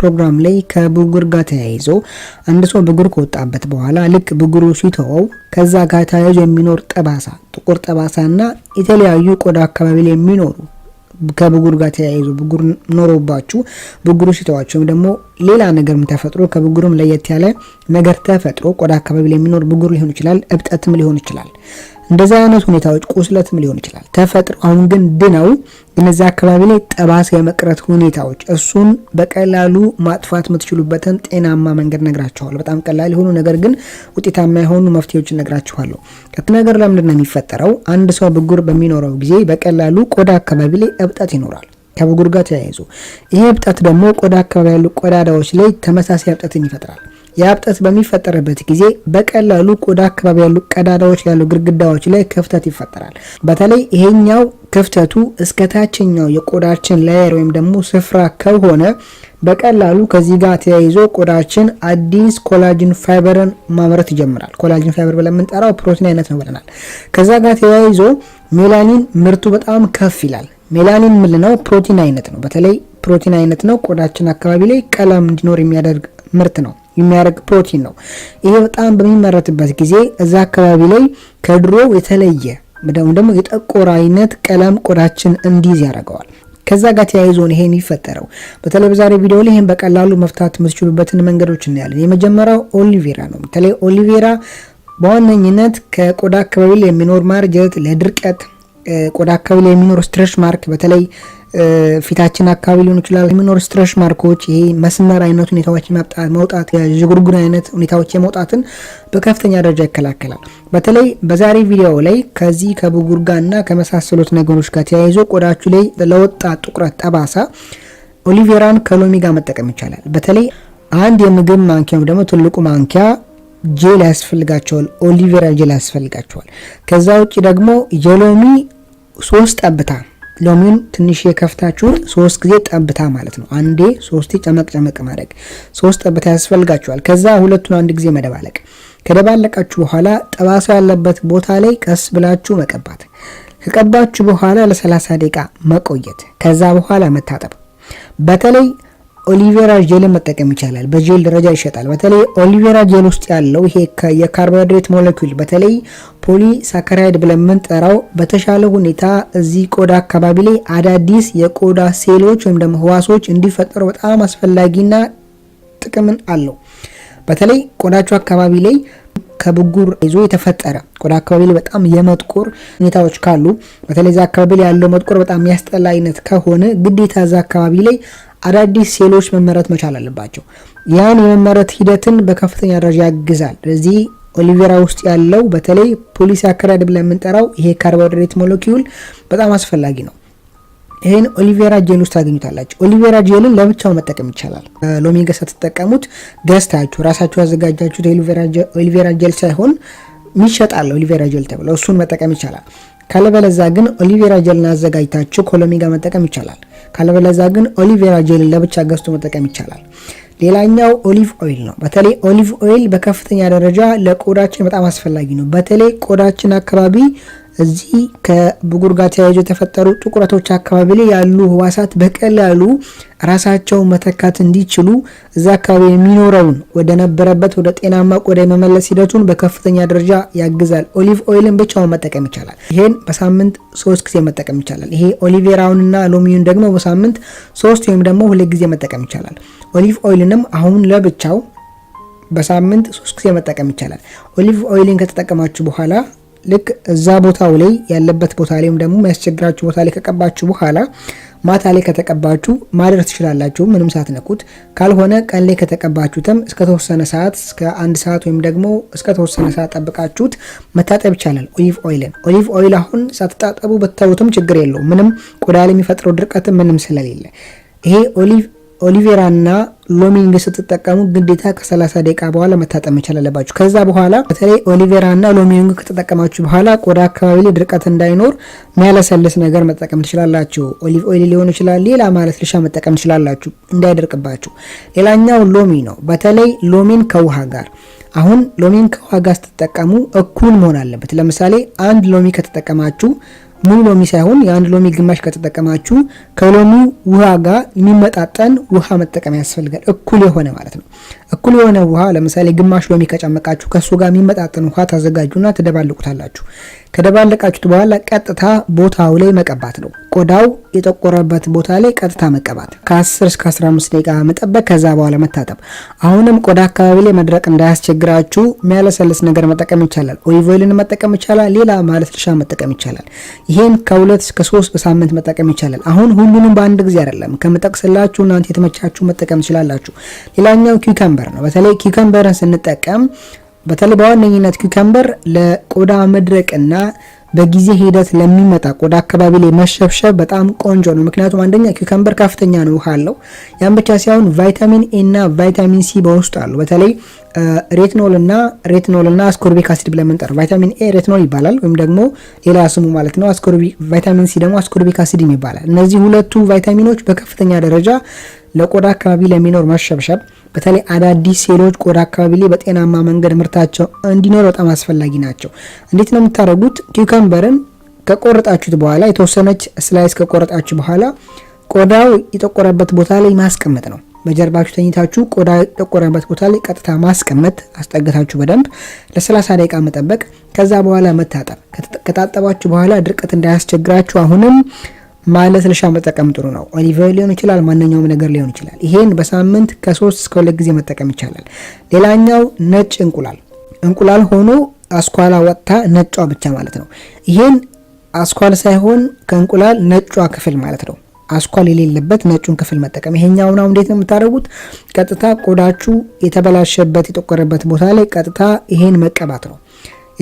ፕሮግራም ላይ ከብጉር ጋር ተያይዞ አንድ ሰው ብጉር ከወጣበት በኋላ ልክ ብጉሩ ሲተወው ከዛ ጋር ተያይዞ የሚኖር ጠባሳ፣ ጥቁር ጠባሳ እና የተለያዩ ቆዳ አካባቢ ላይ የሚኖሩ ከብጉር ጋር ተያይዞ ብጉር ኖሮባችሁ ብጉሩ ሲተዋችሁ ወይም ደግሞ ሌላ ነገርም ተፈጥሮ ከብጉርም ለየት ያለ ነገር ተፈጥሮ ቆዳ አካባቢ ላይ የሚኖር ብጉር ሊሆን ይችላል፣ እብጠትም ሊሆን ይችላል። እንደዚህ አይነት ሁኔታዎች ቁስለትም ሊሆን ይችላል ተፈጥሮ። አሁን ግን ድነው እነዚህ አካባቢ ላይ ጠባሳ የመቅረት ሁኔታዎች እሱን በቀላሉ ማጥፋት የምትችሉበትን ጤናማ መንገድ ነግራችኋለሁ። በጣም ቀላል የሆኑ ነገር ግን ውጤታማ የሆኑ መፍትሄዎች ነግራችኋለሁ። ቀጥ ነገር ለምንድን ነው የሚፈጠረው? አንድ ሰው ብጉር በሚኖረው ጊዜ በቀላሉ ቆዳ አካባቢ ላይ እብጠት ይኖራል ከብጉር ጋር ተያይዞ። ይሄ እብጠት ደግሞ ቆዳ አካባቢ ያሉ ቆዳዳዎች ላይ ተመሳሳይ እብጠትን ይፈጥራል። የአብጠት በሚፈጠርበት ጊዜ በቀላሉ ቆዳ አካባቢ ያሉ ቀዳዳዎች ያሉ ግድግዳዎች ላይ ክፍተት ይፈጠራል። በተለይ ይሄኛው ክፍተቱ እስከ ታችኛው የቆዳችን ላየር ወይም ደግሞ ስፍራ ከሆነ በቀላሉ ከዚህ ጋር ተያይዞ ቆዳችን አዲስ ኮላጅን ፋይበርን ማምረት ይጀምራል። ኮላጅን ፋይበር ብለን የምንጠራው ፕሮቲን አይነት ነው ብለናል። ከዛ ጋር ተያይዞ ሜላኒን ምርቱ በጣም ከፍ ይላል። ሜላኒን የምንለው ፕሮቲን አይነት ነው። በተለይ ፕሮቲን አይነት ነው። ቆዳችን አካባቢ ላይ ቀለም እንዲኖር የሚያደርግ ምርት ነው። የሚያደርግ ፕሮቲን ነው። ይሄ በጣም በሚመረትበት ጊዜ እዛ አካባቢ ላይ ከድሮ የተለየ ደግሞ የጠቆረ አይነት ቀለም ቆዳችን እንዲይዝ ያደርገዋል። ከዛ ጋር ነው ይሄን የሚፈጠረው። በተለይ በዛሬ ቪዲዮ ላይ ይህን በቀላሉ መፍታት የምትችሉበትን መንገዶች እናያለን። የመጀመሪያው ኦሊቬራ ነው። በተለይ ኦሊቬራ በዋነኝነት ከቆዳ አካባቢ ላይ የሚኖር ማርጀት፣ ለድርቀት ቆዳ አካባቢ ላይ የሚኖር ስትረሽ ማርክ በተለይ ፊታችን አካባቢ ሊሆን ይችላል የሚኖር ስትረሽ ማርኮች፣ ይሄ መስመር አይነት ሁኔታዎች መውጣት፣ የዥጉርጉር አይነት ሁኔታዎች የመውጣትን በከፍተኛ ደረጃ ይከላከላል። በተለይ በዛሬ ቪዲዮ ላይ ከዚህ ከብጉር ጋር እና ከመሳሰሉት ነገሮች ጋር ተያይዞ ቆዳችሁ ላይ ለወጣ ጥቁረት፣ ጠባሳ ኦሊቬራን ከሎሚ ጋር መጠቀም ይቻላል። በተለይ አንድ የምግብ ማንኪያ ወይም ደግሞ ትልቁ ማንኪያ ጄል ያስፈልጋቸዋል። ኦሊቬራ ጄል ያስፈልጋቸዋል። ከዛ ውጭ ደግሞ የሎሚ ሶስት ጠብታ ሎሚውን ትንሽ የከፍታችሁት ሶስት ጊዜ ጠብታ ማለት ነው። አንዴ ሶስቴ ጨመቅ ጨመቅ ማድረግ ሶስት ጠብታ ያስፈልጋችኋል። ከዛ ሁለቱን አንድ ጊዜ መደባለቅ። ከደባለቃችሁ በኋላ ጠባሳ ያለበት ቦታ ላይ ቀስ ብላችሁ መቀባት። ከቀባችሁ በኋላ ለ30 ደቂቃ መቆየት። ከዛ በኋላ መታጠብ በተለይ ኦሊቬራ ጄልን መጠቀም ይቻላል። በጄል ደረጃ ይሸጣል። በተለይ ኦሊቬራ ጄል ውስጥ ያለው ይሄ የካርቦሃይድሬት ሞለኪል በተለይ ሳካራይድ ብለን የምንጠራው በተሻለ ሁኔታ እዚህ ቆዳ አካባቢ ላይ አዳዲስ የቆዳ ሴሎች ወይም ደግሞ ህዋሶች እንዲፈጠሩ በጣም አስፈላጊና ጥቅምን አለው። በተለይ ቆዳቸው አካባቢ ላይ ከብጉር ይዞ የተፈጠረ ቆዳ አካባቢ ላይ በጣም የመጥቆር ሁኔታዎች ካሉ በተለይ እዛ አካባቢ ላይ ያለው መጥቆር በጣም የሚያስጠላ አይነት ከሆነ ግዴታ እዛ አካባቢ ላይ አዳዲስ ሴሎች መመረት መቻል አለባቸው። ያን የመመረት ሂደትን በከፍተኛ ደረጃ ያግዛል። ስለዚህ ኦሊቬራ ውስጥ ያለው በተለይ ፖሊስ ፖሊሳካራይድ ብለን የምንጠራው ይሄ ካርቦሃይድሬት ሞለኪውል በጣም አስፈላጊ ነው። ይህን ኦሊቬራ ጄል ውስጥ ታገኙታላችሁ። ኦሊቬራ ጄልን ለብቻው መጠቀም ይቻላል። ሎሚ ገሳ ተጠቀሙት ገዝታችሁ ራሳችሁ ያዘጋጃችሁት ኦሊቬራ ጄል ሳይሆን ሚሸጣል ኦሊቬራ ጄል ተብለው እሱን መጠቀም ይቻላል። ካለበለዛ ግን ኦሊቬራ ጀልን አዘጋጅታችሁ ኮሎሚ ጋር መጠቀም ይቻላል። ካለበለዛ ግን ኦሊቬራ ጀልን ለብቻ ገዝቶ መጠቀም ይቻላል። ሌላኛው ኦሊቭ ኦይል ነው። በተለይ ኦሊቭ ኦይል በከፍተኛ ደረጃ ለቆዳችን በጣም አስፈላጊ ነው። በተለይ ቆዳችን አካባቢ እዚህ ከብጉር ጋር ተያይዞ የተፈጠሩ ጥቁረቶች አካባቢ ላይ ያሉ ህዋሳት በቀላሉ ራሳቸው መተካት እንዲችሉ እዛ አካባቢ የሚኖረውን ወደ ነበረበት ወደ ጤናማ ቆዳ የመመለስ ሂደቱን በከፍተኛ ደረጃ ያግዛል። ኦሊቭ ኦይልን ብቻውን መጠቀም ይቻላል። ይሄን በሳምንት ሶስት ጊዜ መጠቀም ይቻላል። ይሄ ኦሊቬራውንና ሎሚዩን ደግሞ በሳምንት ሶስት ወይም ደግሞ ሁለት ጊዜ መጠቀም ይቻላል። ኦሊቭ ኦይልንም አሁን ለብቻው በሳምንት ሶስት ጊዜ መጠቀም ይቻላል። ኦሊቭ ኦይልን ከተጠቀማችሁ በኋላ ልክ እዛ ቦታው ላይ ያለበት ቦታ ላይ ደግሞ የሚያስቸግራችሁ ቦታ ላይ ከቀባችሁ በኋላ ማታ ላይ ከተቀባችሁ ማደር ትችላላችሁ ምንም ሳትነኩት። ካልሆነ ቀን ላይ ከተቀባችሁትም እስከ ሰዓት እስከ አንድ ሰዓት ወይም ደግሞ እስከተወሰነ ሰዓት ጠብቃችሁት መታጠብ ይቻላል። ኦሊቭ ኦይልን ኦሊቭ ኦይል አሁን ሳትታጠቡ ብትተውትም ችግር የለው ምንም ቆዳ ላይ የሚፈጥረው ድርቀትም ምንም ስለሌለ ይሄ ኦሊቭ ኦሊቬራ እና ሎሚንግ ስትጠቀሙ ግዴታ ከ30 ደቂቃ በኋላ መታጠብ መቻል አለባችሁ። ከዛ በኋላ በተለይ ኦሊቬራ እና ሎሚንግ ከተጠቀማችሁ በኋላ ቆዳ አካባቢ ላይ ድርቀት እንዳይኖር ሚያለሰልስ ነገር መጠቀም ትችላላችሁ። ኦሊቭ ኦይል ሊሆን ይችላል፣ ሌላ ማለስለሻ መጠቀም ትችላላችሁ እንዳይደርቅባችሁ። ሌላኛው ሎሚ ነው። በተለይ ሎሚን ከውሃ ጋር አሁን ሎሚን ከውሃ ጋር ስትጠቀሙ እኩል መሆን አለበት። ለምሳሌ አንድ ሎሚ ከተጠቀማችሁ ሙሉ ሎሚ ሳይሆን የአንድ ሎሚ ግማሽ ከተጠቀማችሁ ከሎሚ ውሃ ጋር የሚመጣጠን ውሃ መጠቀም ያስፈልጋል። እኩል የሆነ ማለት ነው። እኩል የሆነ ውሃ ለምሳሌ ግማሽ ሎሚ ከጨመቃችሁ ከእሱ ጋር የሚመጣጠን ውሃ ታዘጋጁና ትደባልቁታላችሁ። ከደባለቃችሁት በኋላ ቀጥታ ቦታው ላይ መቀባት ነው። ቆዳው የጠቆረበት ቦታ ላይ ቀጥታ መቀባት፣ ከ10 እስከ 15 ደቂቃ መጠበቅ፣ ከዛ በኋላ መታጠብ። አሁንም ቆዳ አካባቢ ላይ መድረቅ እንዳያስቸግራችሁ የሚያለሰልስ ነገር መጠቀም ይቻላል። ኦሊቭ ኦይልን መጠቀም ይቻላል። ሌላ ማለስለሻ መጠቀም ይቻላል። ይሄን ከሁለት እስከ ሶስት በሳምንት መጠቀም ይቻላል። አሁን ሁሉንም በአንድ ጊዜ አይደለም፣ ከምጠቅስላችሁ እናንተ የተመቻችሁ መጠቀም ትችላላችሁ። ሌላኛው ኪከምበር ነው። በተለይ ኪከምበርን ስንጠቀም በተለይ በዋነኝነት ኪከምበር ለቆዳ መድረቅና በጊዜ ሂደት ለሚመጣ ቆዳ አካባቢ ላይ መሸብሸብ በጣም ቆንጆ ነው። ምክንያቱም አንደኛ ኪከምበር ከፍተኛ ነው ውሃ አለው። ያን ብቻ ሳይሆን ቫይታሚን ኤ እና ቫይታሚን ሲ በውስጡ አሉ። በተለይ ሬትኖል እና ሬትኖል እና አስኮርቢክ አሲድ ብለን የምንጠራው ቫይታሚን ኤ ሬትኖል ይባላል፣ ወይም ደግሞ ሌላ ስሙ ማለት ነው። ቫይታሚን ሲ ደግሞ አስኮርቢክ አሲድም ይባላል። እነዚህ ሁለቱ ቫይታሚኖች በከፍተኛ ደረጃ ለቆዳ አካባቢ ለሚኖር መሸብሸብ በተለይ አዳዲስ ሴሎች ቆዳ አካባቢ ላይ በጤናማ መንገድ ምርታቸው እንዲኖር በጣም አስፈላጊ ናቸው። እንዴት ነው የምታደርጉት? ኪውከምበርን ከቆረጣችሁት በኋላ የተወሰነች ስላይስ ከቆረጣችሁ በኋላ ቆዳው የጠቆረበት ቦታ ላይ ማስቀመጥ ነው። በጀርባችሁ ተኝታችሁ ቆዳ የጠቆረበት ቦታ ላይ ቀጥታ ማስቀመጥ፣ አስጠግታችሁ በደንብ ለ30 ደቂቃ መጠበቅ፣ ከዛ በኋላ መታጠብ። ከታጠባችሁ በኋላ ድርቀት እንዳያስቸግራችሁ አሁንም ለስለሻ መጠቀም ጥሩ ነው። ኦሊቭ ሊሆን ይችላል፣ ማንኛውም ነገር ሊሆን ይችላል። ይሄን በሳምንት ከሶስት እስከ ሁለት ጊዜ መጠቀም ይቻላል። ሌላኛው ነጭ እንቁላል እንቁላል ሆኖ አስኳላ ወጥታ ነጯ ብቻ ማለት ነው። ይሄን አስኳል ሳይሆን ከእንቁላል ነጯ ክፍል ማለት ነው። አስኳል የሌለበት ነጩን ክፍል መጠቀም። ይሄኛው ነው። እንዴት ነው የምታደርጉት? ቀጥታ ቆዳችሁ የተበላሸበት የጠቆረበት ቦታ ላይ ቀጥታ ይሄን መቀባት ነው።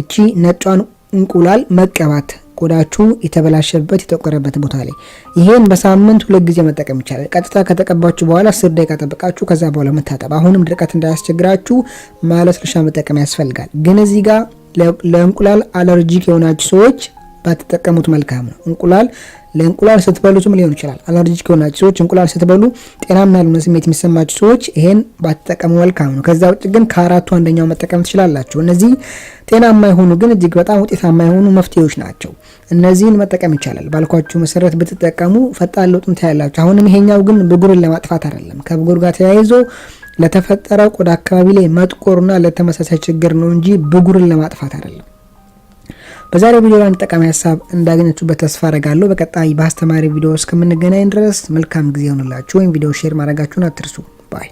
እቺ ነጯን እንቁላል መቀባት ቆዳችሁ የተበላሸበት የተቆረበት ቦታ ላይ ይህን በሳምንት ሁለት ጊዜ መጠቀም ይቻላል። ቀጥታ ከተቀባችሁ በኋላ አስር ደቂቃ ጠብቃችሁ ከዛ በኋላ መታጠብ። አሁንም ድርቀት እንዳያስቸግራችሁ ማለስለሻ መጠቀም ያስፈልጋል። ግን እዚህ ጋር ለእንቁላል አለርጂክ የሆናችሁ ሰዎች ባትጠቀሙት መልካም ነው። እንቁላል ለእንቁላል ስትበሉትም ሊሆን ይችላል። አለርጂክ የሆናችሁ ሰዎች እንቁላል ስትበሉ ጤናማ ያልሆነ ስሜት የሚሰማችሁ ሰዎች ይሄን ባትጠቀሙ መልካም ነው። ከዛ ውጭ ግን ከአራቱ አንደኛው መጠቀም ትችላላችሁ። እነዚህ ጤናማ የሆኑ ግን እጅግ በጣም ውጤታማ የሆኑ መፍትሄዎች ናቸው። እነዚህን መጠቀም ይቻላል። ባልኳችሁ መሰረት ብትጠቀሙ ፈጣን ለውጥም ታያላችሁ። አሁንም ይሄኛው ግን ብጉርን ለማጥፋት አይደለም። ከብጉር ጋር ተያይዞ ለተፈጠረው ቆዳ አካባቢ ላይ መጥቆርና ለተመሳሳይ ችግር ነው እንጂ ብጉርን ለማጥፋት አይደለም። በዛሬው ቪዲዮ ላይ ጠቃሚ ሀሳብ እንዳገኘችሁበት ተስፋ አደርጋለሁ። በቀጣይ በአስተማሪ ቪዲዮ እስከምንገናኝ ድረስ መልካም ጊዜ ይሆንላችሁ። ወይም ቪዲዮ ሼር ማድረጋችሁን አትርሱ። ባይ